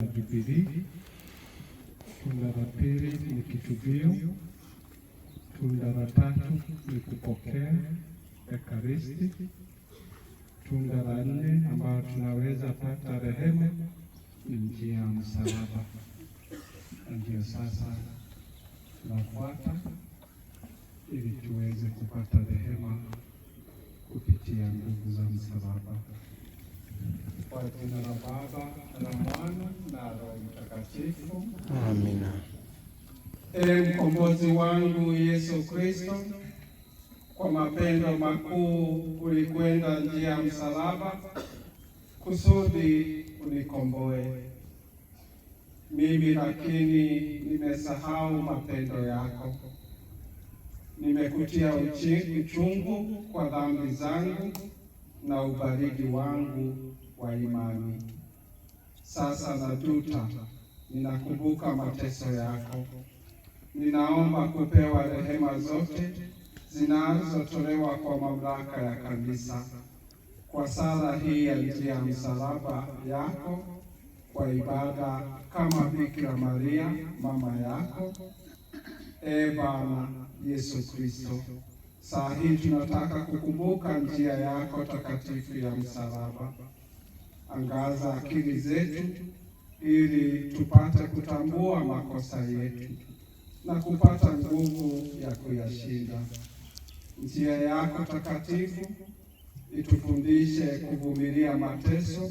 la Biblia. Tunda la pili ni kitubio. Tunda la tatu ni kupokea Ekaristi. Tunda la nne ambayo tunaweza pata rehema ni njia ya msalaba. Ndiyo sasa tunafuata ili tuweze kupata rehema kupitia nguvu za msalaba kwa jina la Baba na Mwana na Roho Mtakatifu. Amina. Ee mkombozi wangu Yesu Kristo, kwa mapendo makuu ulikwenda njia ya msalaba kusudi unikomboe mimi, lakini nimesahau mapendo yako. Nimekutia uchungu kwa dhambi zangu na ubaridi wangu wa imani. Sasa Zajuta, ninakumbuka mateso yako, ninaomba kupewa rehema zote zinazotolewa kwa mamlaka ya kanisa kwa sala hii ya njia ya msalaba yako, kwa ibada kama Bikira Maria mama yako. E Bwana Yesu Kristo, saa hii tunataka kukumbuka njia yako takatifu ya msalaba angaza akili zetu ili tupate kutambua makosa yetu na kupata nguvu ya kuyashinda. Njia yako takatifu itufundishe kuvumilia mateso,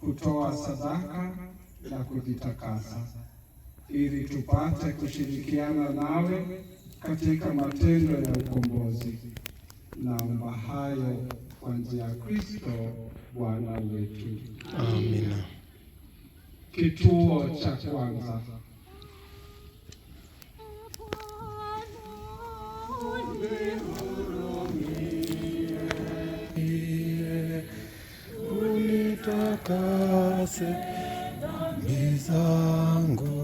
kutoa sadaka na kujitakasa, ili tupate kushirikiana nawe katika matendo ya ukombozi naomba hayo kwa njia ya Kristo Bwana wetu. Amina. Kituo cha kwanza unitakase dhambi zangu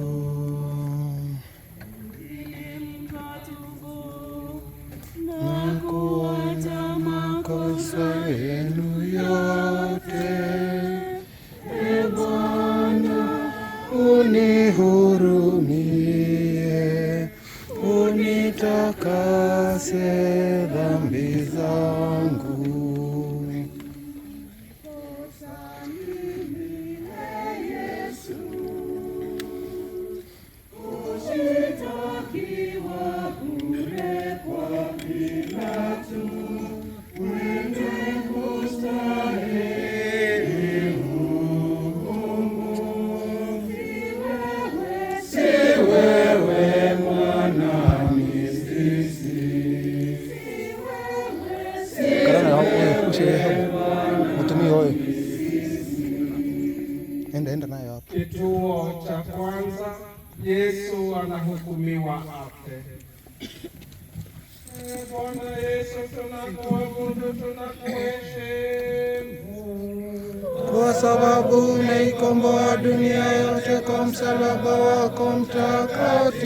sababu umeikomboa dunia yote kwa msalaba wako mtakatifu.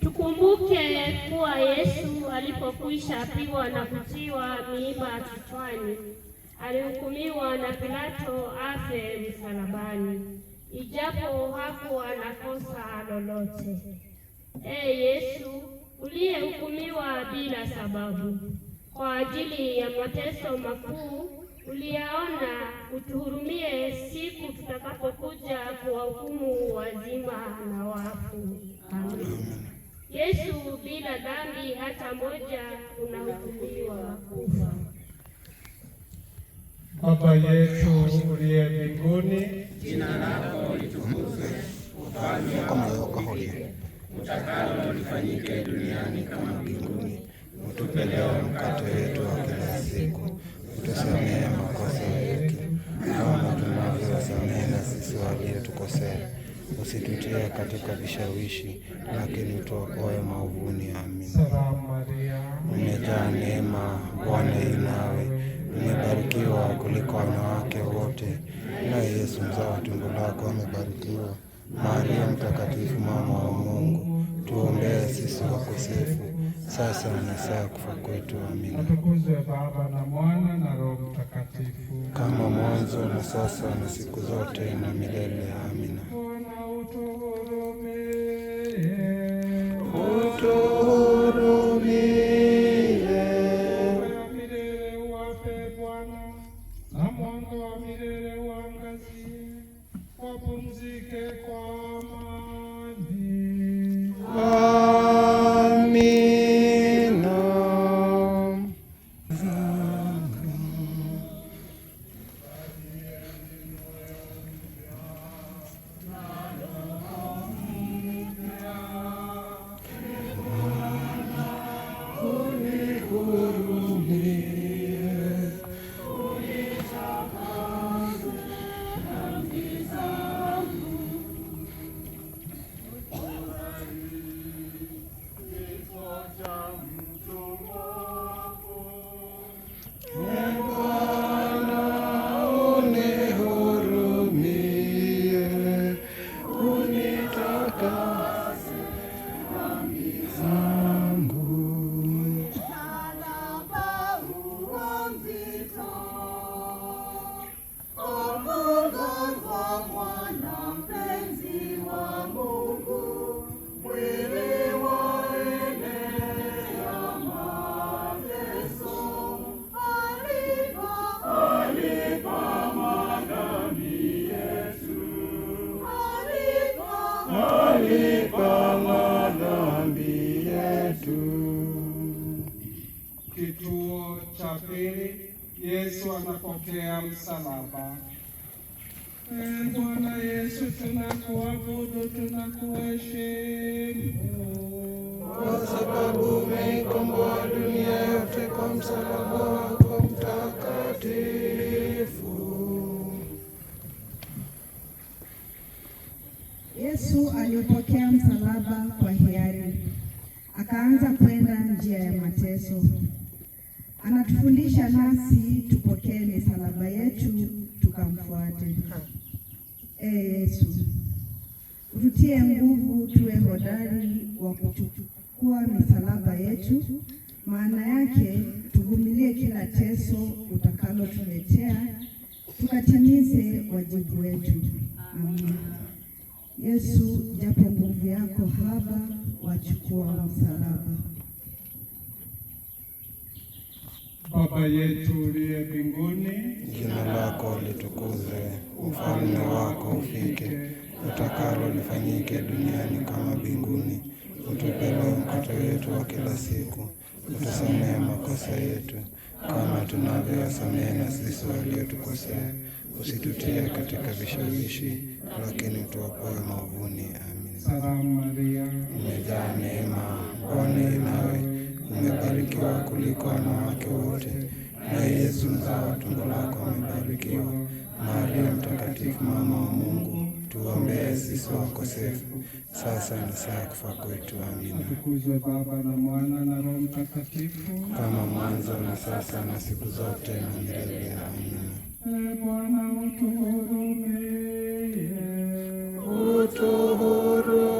Tukumbuke kuwa Yesu alipokwisha pigwa na kutiwa miiba kichwani, alihukumiwa na Pilato afe msalabani, ijapo hakuwa na kosa lolote. Ee Yesu uliyehukumiwa bila sababu kwa ajili ya mateso makuu uliyaona, utuhurumie siku tutakapokuja kuwahukumu wazima na wafu. Amen. Yesu, bila dhambi hata moja, unahukumiwa kufa. Baba yetu uliye mbinguni, jina lako litukuzwe, ufalme wako uje, utakalo lifanyike duniani kama mbinguni Utupe leo mkate wetu wa kila siku, utusamehe makosa yetu kama tunavyowasamehe na sisi waliotukosea, usitutie katika vishawishi, lakini utuokoe maovuni. Amina. Umejaa neema, Bwana yu nawe, umebarikiwa kuliko wanawake wote, na Yesu mzao wa tumbo lako amebarikiwa. Maria Mtakatifu, mama wa Mungu, tuombee sisi wakosefu sasa na saa kufa kwetu. Amina. Atukuzwe Baba na Mwana na Roho Mtakatifu, kama mwanzo na sasa na siku zote na milele. Amina. pili Yesu anapokea msalaba. E Bwana Yesu, tunakuabudu tunakuheshimu kwa sababu umeikomboa dunia yote kwa msalaba wako mtakatifu. Yesu aliupokea msalaba kwa hiari, akaanza kwenda njia ya mateso anatufundisha nasi tupokee misalaba yetu tukamfuate. e Yesu, ututie nguvu tuwe hodari wa kuchukua misalaba yetu, maana yake tuvumilie kila teso utakalotuletea, tukatimize wajibu wetu. Amen. Yesu, japo nguvu yako haba, wachukua msalaba Baba yetu uliye mbinguni, jina lako litukuzwe, ufalme wako ufike, utakalo lifanyike duniani kama mbinguni. Utupe leo mkate wetu wa kila siku, utusamehe makosa yetu kama tunavyowasamehe na sisi waliotukosea, usitutie katika vishawishi, lakini tuopoe maovuni. Amina. amebarikiwa kuliko wanawake wote, na Yesu mzao wa tumbo lako amebarikiwa. Maria Mtakatifu, mama wa Mungu, tuombee sisi wakosefu, sasa na saa kufa kwetu. Amina. Tukuzwe Baba na Mwana na Roho Mtakatifu, kama mwanzo na sasa na siku zote na milele. Amina. E Bwana utuhurumie, utuhurumie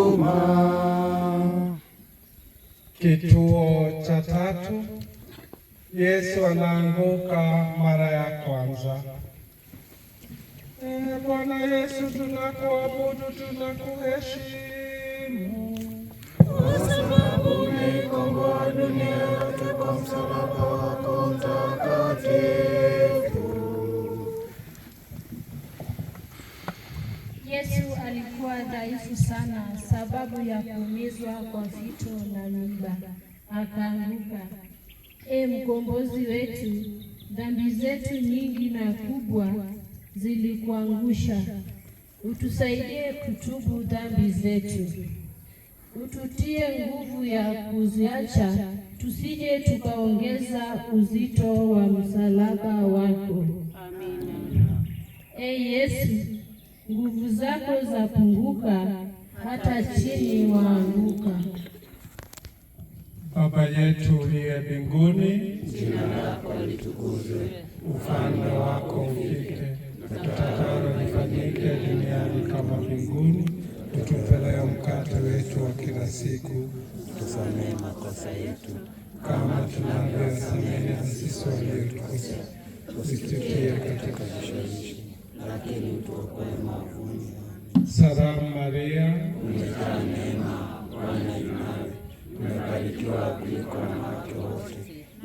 Kituo cha tatu, Yesu anaanguka mara ya kwanza. Ee Bwana Yesu, tunakuabudu, tunakuheshimu kwa sababu umeikomboa dunia yote kwa msalaba wako mtakatifu. Yesu alikuwa dhaifu sana sababu ya kuumizwa kwa fito na msalaba akaanguka. E mkombozi wetu, dhambi zetu nyingi na kubwa zilikuangusha, utusaidie kutubu dhambi zetu, ututie nguvu ya kuziacha, tusije tukaongeza uzito wa msalaba wako. Amina. E Yesu, nguvu zako zapunguka, hata chini waanguka. Baba yetu uliye mbinguni, jina lako litukuzwe, ufalme wako ufike, utakalo lifanyike duniani kama mbinguni. Tutupe leo mkate wetu wa kila siku, tusamehe makosa yetu kama tunavyosamehe na sisi waliotukosea, usitutie katika vishawishi, lakini utuokoe maovuni. Salamu Maria, umejaa neema, Bwana yu nawe umebarikiwa kuliko wanawake wote,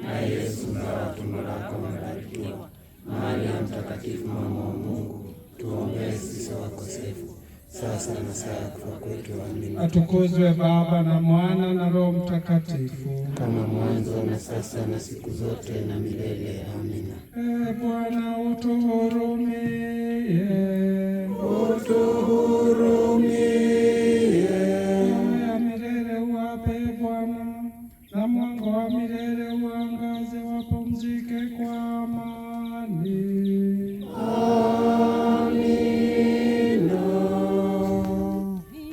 na Yesu mzao wa tumbo lako umebarikiwa. Maria Mtakatifu, mama wa Mungu, tuombee sisi wakosefu sasa na saa ya kufa kwetu. Amina. Atukuzwe Baba na Mwana na Roho Mtakatifu, kama mwanzo na sasa na siku zote na milele. Amina. E Bwana utuhurumie, utuhurumie